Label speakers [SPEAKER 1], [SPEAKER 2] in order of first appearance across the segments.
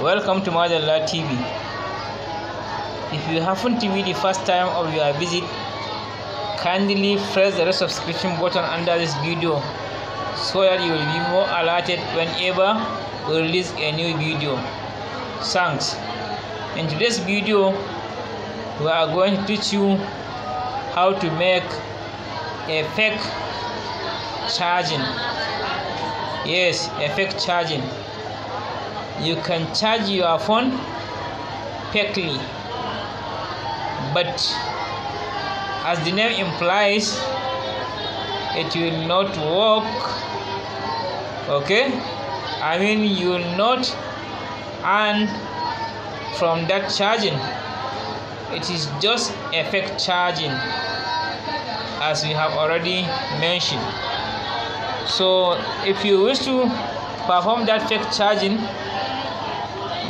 [SPEAKER 1] Welcome to Madalla TV. If you haven't TV the first time of your visit, kindly press the subscription button under this video so that you will be more alerted whenever we release a new video. Thanks. In today's video, we are going to teach you how to make a fake charging. Yes, a fake charging you can charge your phone quickly but as the name implies it will not work okay I mean you will not earn from that charging it is just effect charging as we have already mentioned so if you wish to perform that fake charging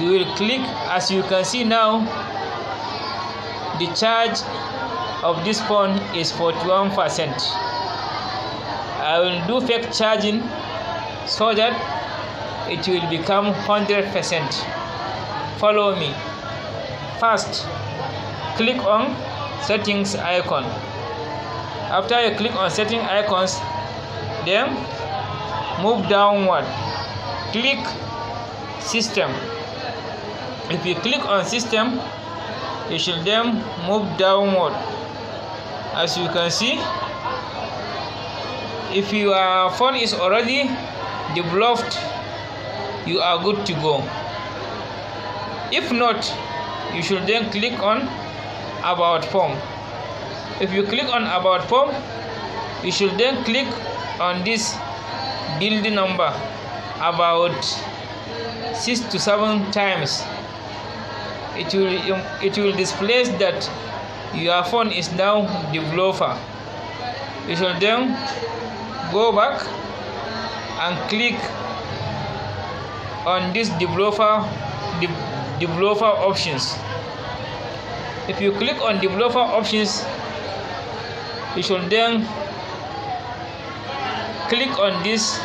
[SPEAKER 1] you will click as you can see now the charge of this phone is 41 percent I will do fake charging so that it will become 100 percent follow me first click on settings icon after you click on setting icons then move downward click system if you click on system you should then move downward as you can see if your phone is already developed you are good to go if not you should then click on about form if you click on about form you should then click on this build number about six to seven times it will it will displace that your phone is now developer you shall then go back and click on this developer de developer options if you click on developer options you should then click on this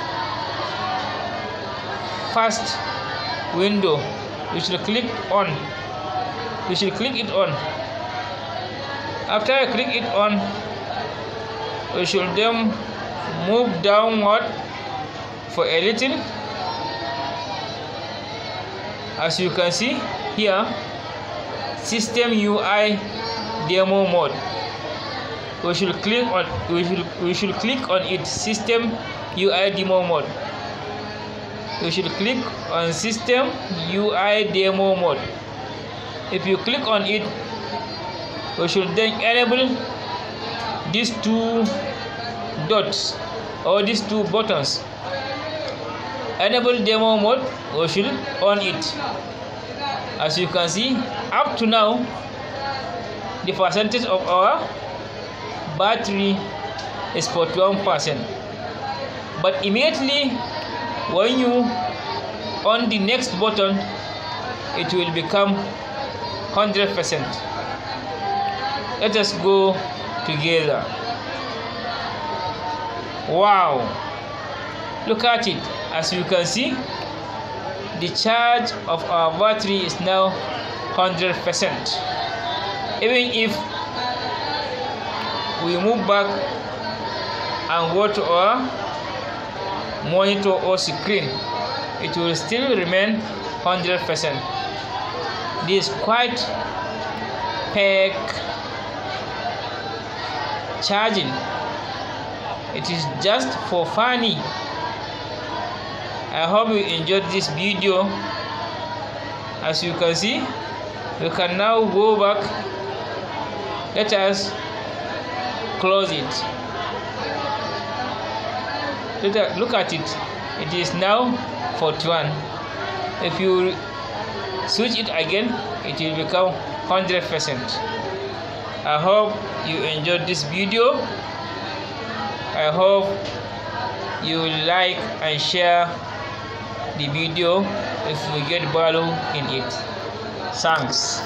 [SPEAKER 1] first window you should click on you should click it on after I click it on we should then move downward for a little as you can see here system UI demo mode we should click on we should we should click on it system UI demo mode we should click on system UI demo mode if you click on it we should then enable these two dots or these two buttons enable demo mode we should on it as you can see up to now the percentage of our battery is 41 percent but immediately when you on the next button it will become 100 percent let us go together wow look at it as you can see the charge of our battery is now 100 percent even if we move back and go to our monitor or screen it will still remain 100 percent this quite peak charging it is just for funny i hope you enjoyed this video as you can see we can now go back let us close it look at, look at it it is now 41 if you switch it again it will become 100 percent i hope you enjoyed this video i hope you like and share the video if you get value in it thanks